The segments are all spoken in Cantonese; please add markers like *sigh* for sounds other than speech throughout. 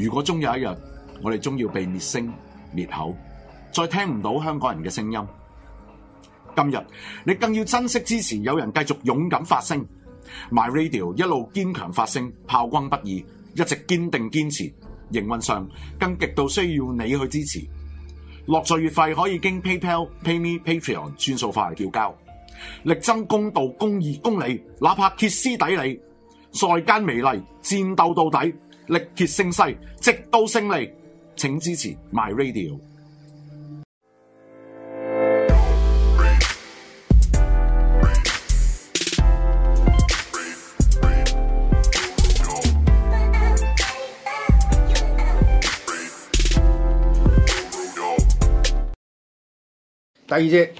如果終有一日，我哋終要被滅聲滅口，再聽唔到香港人嘅聲音。今日你更要珍惜支持，有人繼續勇敢發聲，My Radio 一路堅強發聲，炮轟不二，一直堅定堅持。營運上更極度需要你去支持。落座月費可以經 PayPal、PayMe、Patreon 轉數化嚟繳交。力爭公道、公義、公理，哪怕歇斯底里，再奸微利，戰鬥到底。力竭聲嘶，直到勝利。請支持 My Radio。第二隻，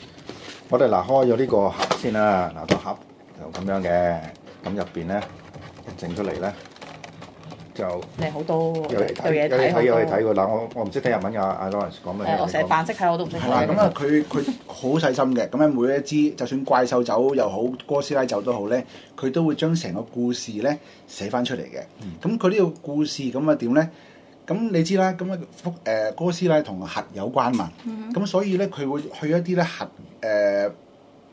我哋攞開咗呢個盒先啦，攞咗盒就咁樣嘅，咁入邊咧，一整出嚟咧。就好多有嘢睇，有嘢睇㗎啦！我我唔識睇日文㗎，阿 Lawrence 講嘅我成日扮識睇，我都唔識睇。係咁啊，佢佢好細心嘅。咁樣每一支，就算怪獸酒又好，哥斯拉酒都好咧，佢都會將成個故事咧寫翻出嚟嘅。咁佢呢個故事咁啊點咧？咁你知啦，咁啊個誒哥斯拉同核有關嘛？咁、嗯、哼所以咧，佢會去一啲咧核誒、呃、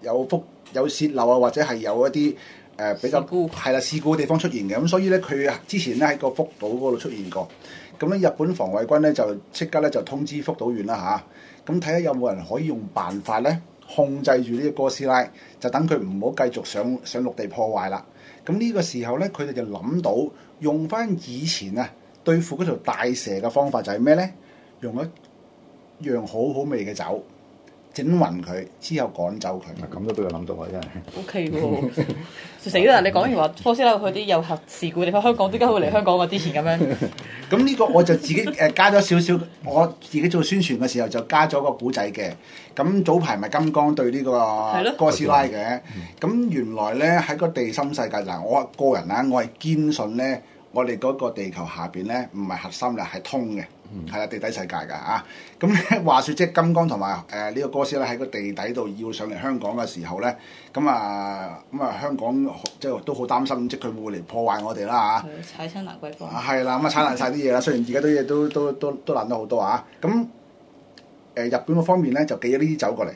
有輻有洩漏啊，或者係有一啲。誒比較高，係啦，事故嘅地方出現嘅，咁所以咧，佢之前咧喺個福島嗰度出現過，咁咧日本防衛軍咧就即刻咧就通知福島縣啦吓，咁睇下有冇人可以用辦法咧控制住呢個哥斯拉，就等佢唔好繼續上上陸地破壞啦。咁、這、呢個時候咧，佢哋就諗到用翻以前啊對付嗰條大蛇嘅方法就係咩咧？用一樣好好味嘅酒。整暈佢，之後趕走佢，咁都俾佢諗到喎，真係。O K 喎，死啦！你講完話哥斯拉去啲有核事故地方，香港點解會嚟香港？我之前咁樣。咁呢 *laughs* 個我就自己誒加咗少少， *laughs* 我自己做宣傳嘅時候就加咗個古仔嘅。咁早排咪金剛對呢個哥斯拉嘅。咁 *laughs* 原來咧喺個地心世界嗱，我個人啊，我係堅信咧，我哋嗰個地球下邊咧唔係核心喇，係通嘅。係啊，地底世界噶啊！咁咧，話說即係金剛同埋誒呢個哥斯拉喺個地底度要上嚟香港嘅時候咧，咁啊咁啊香港即係都好擔心，即係佢會嚟破壞我哋啦嚇！踩親蘭桂坊啊！係啦，咁啊踩爛晒啲嘢啦，雖然而家都嘢都都都都爛咗好多啊！咁、啊、誒日本方面咧就寄咗呢啲酒過嚟，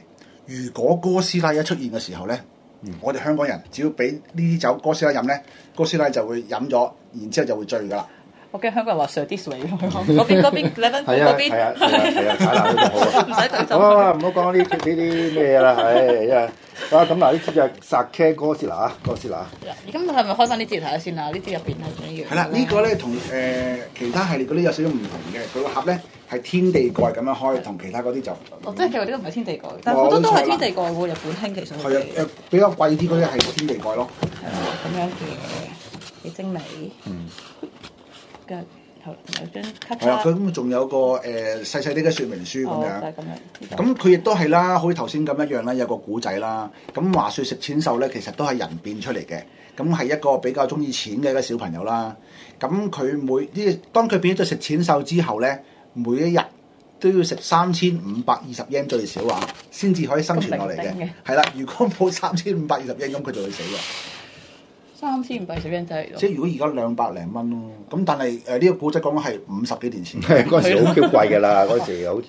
如果哥斯拉一出現嘅時候咧，嗯、我哋香港人只要俾呢啲酒哥斯拉飲咧，哥斯拉就會飲咗，然之後就會醉㗎啦。我驚、okay, 香港人話上啲水，嗰邊嗰邊嗰邊嗰邊，係啊係啊係啊！太、啊啊啊啊、難好，唔 *laughs* *laughs* 好唔使講咁多，唔好講啲呢啲咩啦，唉，因啊咁嗱，呢支就係薩卡哥士啦，哥士啦。咁，你係咪開翻呢支睇下先啦？呢支入邊係點樣樣？係啦，呢個咧同誒其他系列嗰啲有少少唔同嘅，佢個盒咧係天地蓋咁樣開，同其他嗰啲就唔同 *laughs* 哦，即係話呢個唔係天地蓋，但係好多都係天地蓋喎，哦、日本興其實係啊，比較貴啲嗰啲係天地蓋咯。係啊，咁樣嘅幾精美。嗯。係啊，佢仲 *music* 有個誒細細啲嘅說明書咁樣，咁佢亦都係啦，好似頭先咁一樣啦，有個古仔啦。咁話説食錢獸咧，其實都係人變出嚟嘅，咁係一個比較中意錢嘅一個小朋友啦。咁佢每啲當佢變咗食錢獸之後咧，每一日都要食三千五百二十英最少啊，先至可以生存落嚟嘅。係啦，如果冇三千五百二十英咁，佢就會死㗎。三千五百水冰仔咯，即係如果而家兩百零蚊咯，咁、嗯、但係誒呢個古仔講講係五十幾年前，嗰時好矜貴㗎啦，嗰時又好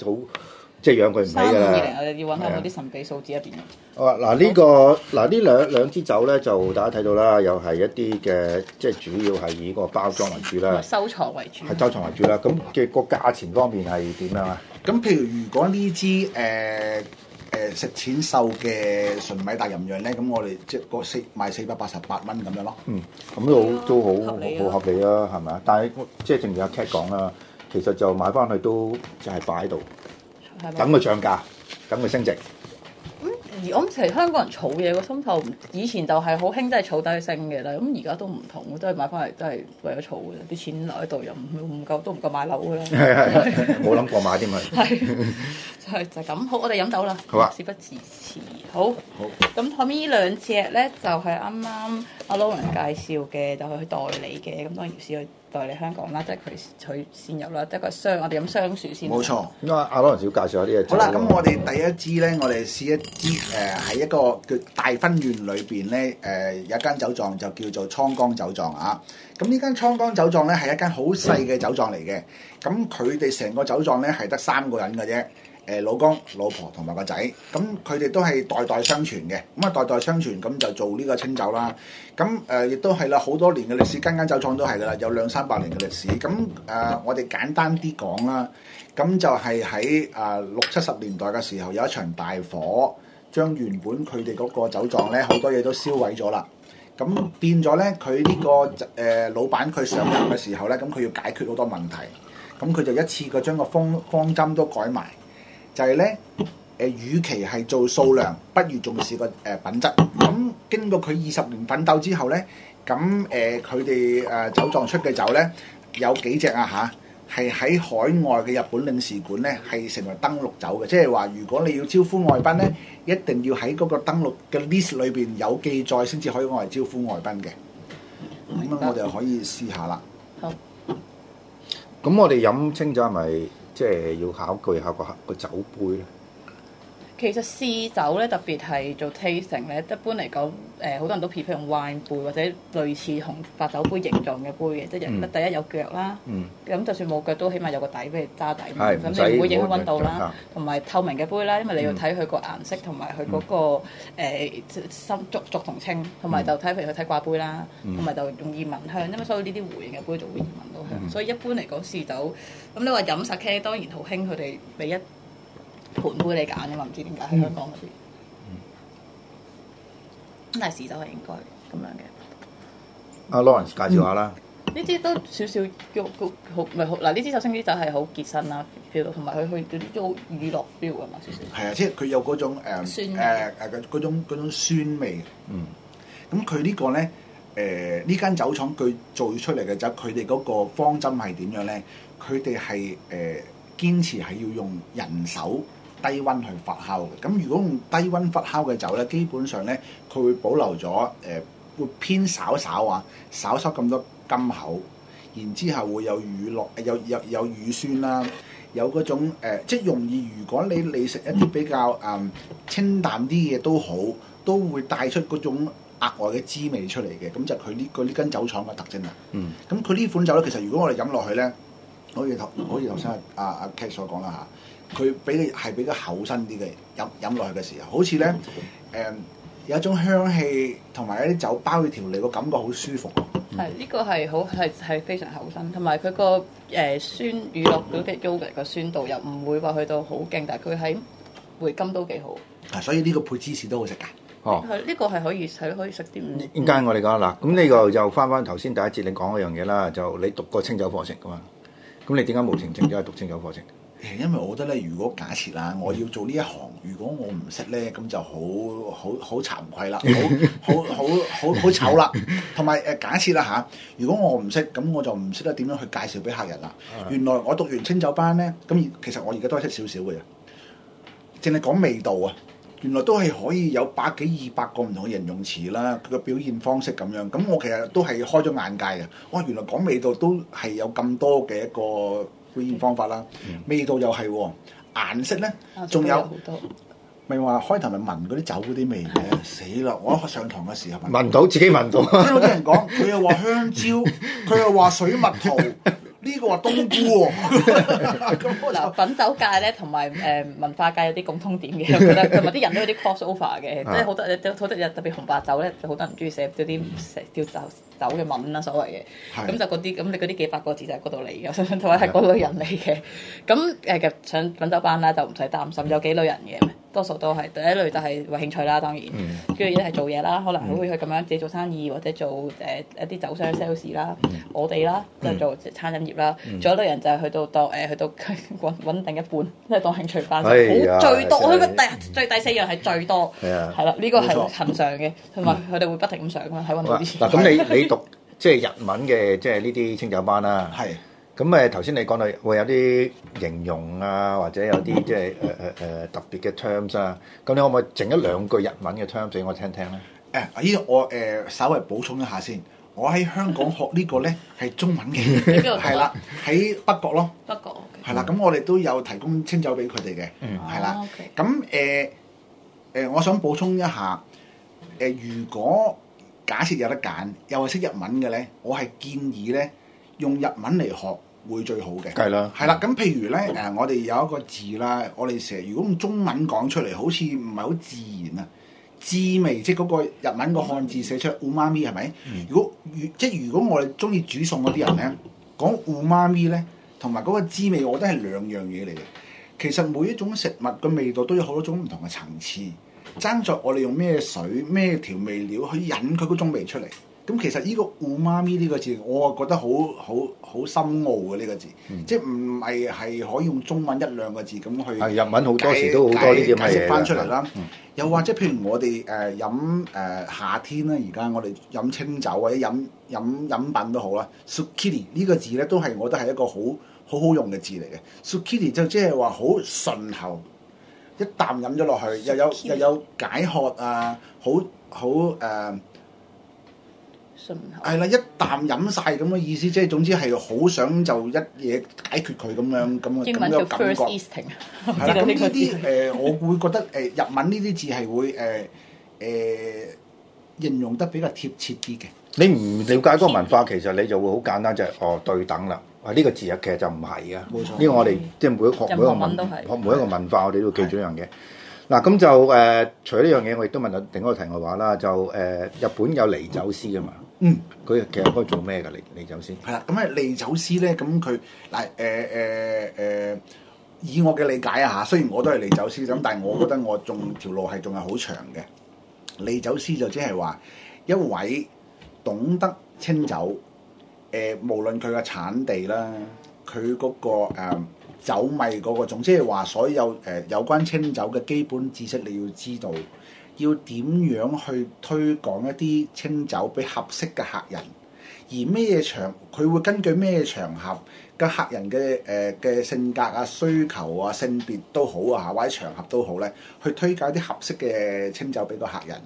即係養佢唔起㗎啦。要揾下嗰啲神秘數字一邊。好啊，嗱、啊呢個啊、呢個嗱呢兩兩支酒咧，就大家睇到啦，又係一啲嘅，即係主要係以個包裝為主啦，收藏為主，係收藏為主啦。咁嘅個價錢方面係點樣啊？咁譬如如果呢支誒？呃誒食淺瘦嘅純米大吟釀咧，咁我哋即係個四賣四百八十八蚊咁樣咯。嗯，咁都好都好好合理啦，係咪啊？但係即係正如阿 Cat 講啦，其實就買翻去都就係擺喺度，吧等佢漲價，等佢升值。而我諗其實香港人儲嘢個心頭，以前就係好興，真係儲低升嘅啦。咁而家都唔同，都係買翻嚟，都係為咗儲嘅。啲錢留喺度又唔唔夠，都唔夠買樓㗎啦。係係，冇諗過買添啊！係 *laughs* 就就咁好，我哋飲酒啦。好啊吧，事不宜遲。好，咁後面呢兩隻咧就係啱啱阿 l 羅 n 介紹嘅，就係、是、去代理嘅，咁當然是去代理香港啦，即係佢佢先入啦，即係個雙，我哋飲雙樹先。冇錯，因為阿 l 羅文少介紹啲嘢。好啦，咁啦我哋第一支咧，我哋試一支誒，喺、呃、一個叫大分院裏邊咧，誒、呃、有一間酒莊就叫做蒼江酒莊啊。咁呢間蒼江酒莊咧係一間好細嘅酒莊嚟嘅，咁佢哋成個酒莊咧係得三個人嘅啫。誒老公、老婆同埋個仔，咁佢哋都係代代相傳嘅。咁啊，代代相傳咁就做呢個清酒啦。咁誒，亦都係啦，好多年嘅歷史，間間酒廠都係噶啦，有兩三百年嘅歷史。咁誒，我哋簡單啲講啦。咁就係喺啊六七十年代嘅時候，有一場大火，將原本佢哋嗰個酒廠咧好多嘢都燒毀咗啦。咁變咗咧，佢呢個誒老闆佢上任嘅時候咧，咁佢要解決好多問題，咁佢就一次過將個方方針都改埋。就係咧，誒，與其係做數量，不如重視個誒品質。咁經過佢二十年奮鬥之後咧，咁誒佢哋誒酒藏出嘅酒咧，有幾隻啊嚇？係喺海外嘅日本領事館咧，係成為登錄酒嘅，即係話如果你要招呼外賓咧，一定要喺嗰個登錄嘅 list 裏邊有記載，先至可以攞嚟招呼外賓嘅。咁啊，我哋可以試下啦。好。咁我哋飲清酒係咪即係要考據下個？酒杯咧，其實試酒咧，特別係做 tasting 咧，一般嚟講，誒好多人都 prefer 用 wine 杯或者類似紅白酒杯形狀嘅杯嘅，即係第一有腳啦，咁就算冇腳都起碼有個底俾佢揸底，咁你唔會影響溫度啦，同埋透明嘅杯啦，因為你要睇佢個顏色同埋佢嗰個誒深足足同清，同埋就睇譬如佢睇掛杯啦，同埋就容易聞香，因為所以呢啲回形嘅杯就會易聞到香咯，所以一般嚟講試酒，咁你話飲食界當然好興，佢哋俾一。盤杯你揀吖嘛，唔知點解喺香港嗰、嗯、時，咁係時酒係應該咁樣嘅。阿 Lawrence、啊、介紹下啦，呢啲、嗯、都少少喐個好咪好嗱，呢支酒，先呢啲酒係好結身啦，調同埋佢去做娛樂調啊嘛，少少係啊，即係佢有嗰種酸，誒誒嗰種嗰種酸味。嗯，咁佢、嗯、呢個咧誒呢間酒廠佢做出嚟嘅酒，佢哋嗰個方針係點樣咧？佢哋係誒堅持係要用人手。低溫去發酵嘅，咁如果用低溫發酵嘅酒咧，基本上咧佢會保留咗誒，會偏稍稍啊，稍稍咁多甘口，然之後會有乳酪、有有有乳酸啦，有嗰種誒，即係容易。如果你你食一啲比較誒清淡啲嘢都好，都會帶出嗰種額外嘅滋味出嚟嘅，咁就佢呢佢呢間酒廠嘅特徵啦。嗯，咁佢呢款酒咧，其實如果我哋飲落去咧，好似頭好似頭先阿阿 Kate 所講啦嚇。佢俾你係比較厚身啲嘅飲飲落去嘅時候，好似咧誒有一種香氣同埋一啲酒包嘅調味，個感覺好舒服。係呢、嗯、個係好係係非常厚身，同埋佢個誒酸乳酪嗰啲 yoghurt 嘅酸度又唔會話去到好勁，但係佢喺回甘都幾好。啊，所以呢個配芝士都好食㗎。這個、哦、呢、嗯、個係可以係可以食啲。點解我哋講啦？咁呢個又翻翻頭先第一節你講嗰樣嘢啦，就你讀過清酒課程㗎嘛？咁你點解無情情都係讀清酒課程？因為我覺得咧，如果假設啦，我要做呢一行，如果我唔識咧，咁就好好好慚愧啦，好好好好好醜啦。同埋誒，假設啦吓，如果我唔識，咁我就唔識得點樣去介紹俾客人啦。啊、原來我讀完清酒班咧，咁其實我而家都係識少少嘅，淨係講味道啊。原來都係可以有百幾二百個唔同嘅形容詞啦，佢個表現方式咁樣。咁我其實都係開咗眼界嘅。我、哦、原來講味道都係有咁多嘅一個。烹調方法啦，嗯、味道又係喎，顏色咧仲、啊、有好多，咪話開頭咪聞嗰啲酒嗰啲味嘅，死咯！我一上堂嘅時候聞到，聞到，自己聞到。聽嗰啲人講，佢 *laughs* 又話香蕉，佢又話水蜜桃。 *laughs* 呢個話冬菇喎，嗱，品酒界咧同埋誒文化界有啲共通點嘅，我覺得同埋啲人都有啲 cross over 嘅，即係好多有好多特別紅白酒咧，就好多人唔中意寫嗰啲寫叫酒酒嘅文啦、啊。所謂嘅，咁 *laughs* 就嗰啲咁你嗰啲幾百個字就係嗰度嚟嘅，同埋係嗰個人嚟嘅，咁其實上品酒班啦就唔使擔心有幾類人嘅。多數都係第一類就係為興趣啦，當然，跟住一係做嘢啦，可能佢會去咁樣自己做生意或者做誒一啲酒商 sales 啦，嗯、我哋啦即係、嗯、做餐飲業啦。仲、嗯、有一類人就係去到當誒、欸、去到穩穩定一半，即係當興趣班，好最多。佢個第最第四樣係最多，係啦，呢個係尋常嘅，同埋佢哋會不停咁上啦，睇揾多啲嗱咁你你讀即係、就是、日文嘅，即係呢啲清酒班啦、啊，係。咁誒頭先你講到，會有啲形容啊，或者有啲即係誒誒誒特別嘅 terms 啊，咁你可唔可以整一兩句日文嘅 terms 俾我聽聽咧？誒，依我誒稍微補充一下先，我喺香港學呢個咧係中文嘅，係啦，喺北角咯，北角，係啦，咁我哋都有提供清酒俾佢哋嘅，係啦，咁誒誒，我想補充一下，誒如果假設有得揀，又係識日文嘅咧，我係建議咧，用日文嚟學會最好嘅，係啦，係啦。咁譬如咧，誒、呃，我哋有一個字啦，我哋成日如果用中文講出嚟，好似唔係好自然啊。滋味即係嗰個日文個漢字寫出嚟，烏媽咪係咪？如果，如果即係如果我哋中意煮餸嗰啲人咧，講烏媽咪咧，同埋嗰個滋味，味，我覺得係兩樣嘢嚟嘅。其實每一種食物嘅味道都有好多種唔同嘅層次，爭在我哋用咩水、咩調味料去引佢嗰種味出嚟。咁其實呢個,個 umami 呢個字，我啊覺得好好好深奧嘅呢個字，即係唔係係可以用中文一兩個字咁去。係日文好多時都好多呢啲解,解釋翻出嚟啦。嗯嗯、又或者譬如我哋誒、呃、飲誒、呃、夏天啦、啊，而家我哋飲清酒或、啊、者飲飲飲品都好啦，sukkiri 呢個字咧都係我覺得係一個好好好用嘅字嚟嘅。sukkiri 就即係話好順喉，一啖飲咗落去又有又有解渴啊，好好誒。係啦，一啖飲晒咁嘅意思，即係總之係好想就一嘢解決佢咁樣咁嘅咁嘅感覺。係啦，咁呢啲誒，我會覺得誒、呃、日文呢啲字係會誒誒、呃呃、形容得比較貼切啲嘅。你唔了解嗰個文化，其實你就會好簡單就係、是、哦對等啦。啊呢、這個字啊，其實就唔係嘅，冇錯。因為我哋即係每一個學每一個文，文都學每一個文化我個，我哋都要記住一樣嘢。嗱咁、嗯嗯、就誒、呃，除咗呢樣嘢，我亦都問下另一個題外話啦。就誒、呃，日本有離酒師嘅嘛？嗯，佢其實嗰個做咩㗎？利、利酒師。係啦，咁咧，利酒師咧，咁佢嗱誒誒誒，以我嘅理解啊嚇，雖然我都係利酒師咁，但係我覺得我仲條路係仲係好長嘅。利酒師就即係話一位懂得清酒誒、呃，無論佢嘅產地啦，佢嗰、嗰個、呃、酒味嗰、嗰個種，即係話所有誒、呃、有關清酒嘅基本知識你要知道。要點樣去推廣一啲清酒俾合適嘅客人？而咩嘢場，佢會根據咩嘢場合嘅客人嘅誒嘅性格啊、需求啊、性別都好啊，或者場合都好咧，去推介啲合適嘅清酒俾個客人。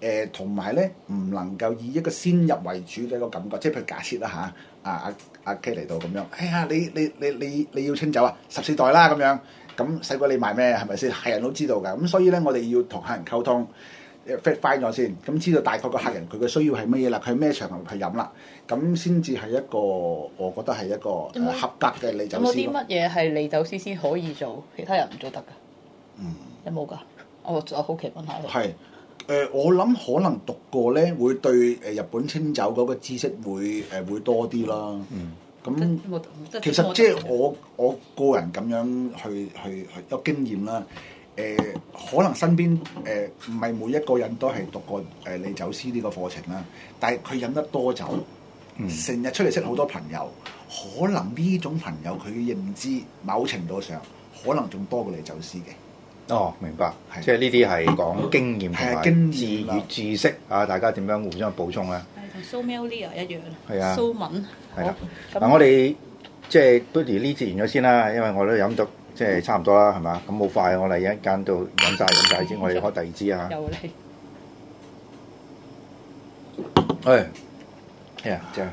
誒、呃，同埋咧，唔能夠以一個先入為主嘅一個感覺，即係譬如假設啦嚇啊。啊，阿 K 嚟到咁樣，哎呀，你你你你你要清酒啊，十四代啦咁樣，咁使鬼你賣咩？係咪先？客人都知道㗎，咁所以咧，我哋要同客人溝通，fit 咗先，咁知道大概個客人佢嘅需要係乜嘢啦，佢係咩場合去飲啦，咁先至係一個，我覺得係一個有冇合格嘅利酒師。咁啲乜嘢係利酒師先可以做，其他人唔做得㗎？嗯、有冇㗎？我我好奇問下。係。誒、呃，我諗可能讀過咧，會對誒日本清酒嗰個知識會誒、呃、會多啲啦。嗯，咁、嗯、其實即係我我個人咁樣去去有經驗啦。誒、呃，可能身邊誒唔係每一個人都係讀過誒利酒師呢個課程啦，但係佢飲得多酒，成日、嗯、出嚟識好多朋友，嗯、可能呢種朋友佢認知某程度上可能仲多過利酒師嘅。哦，明白，即係呢啲係講經驗同埋經驗與知識啊，大家點樣互相補充咧？係同 Sommelier 啊一樣，係啊，蘇文係啦。嗱，我哋即係不如呢支完咗先啦，因為我都飲咗，即係差唔多啦，係嘛？咁好快，我哋一間度飲曬飲曬先，我哋開第二支啊！有你。哎，咩啊？即係。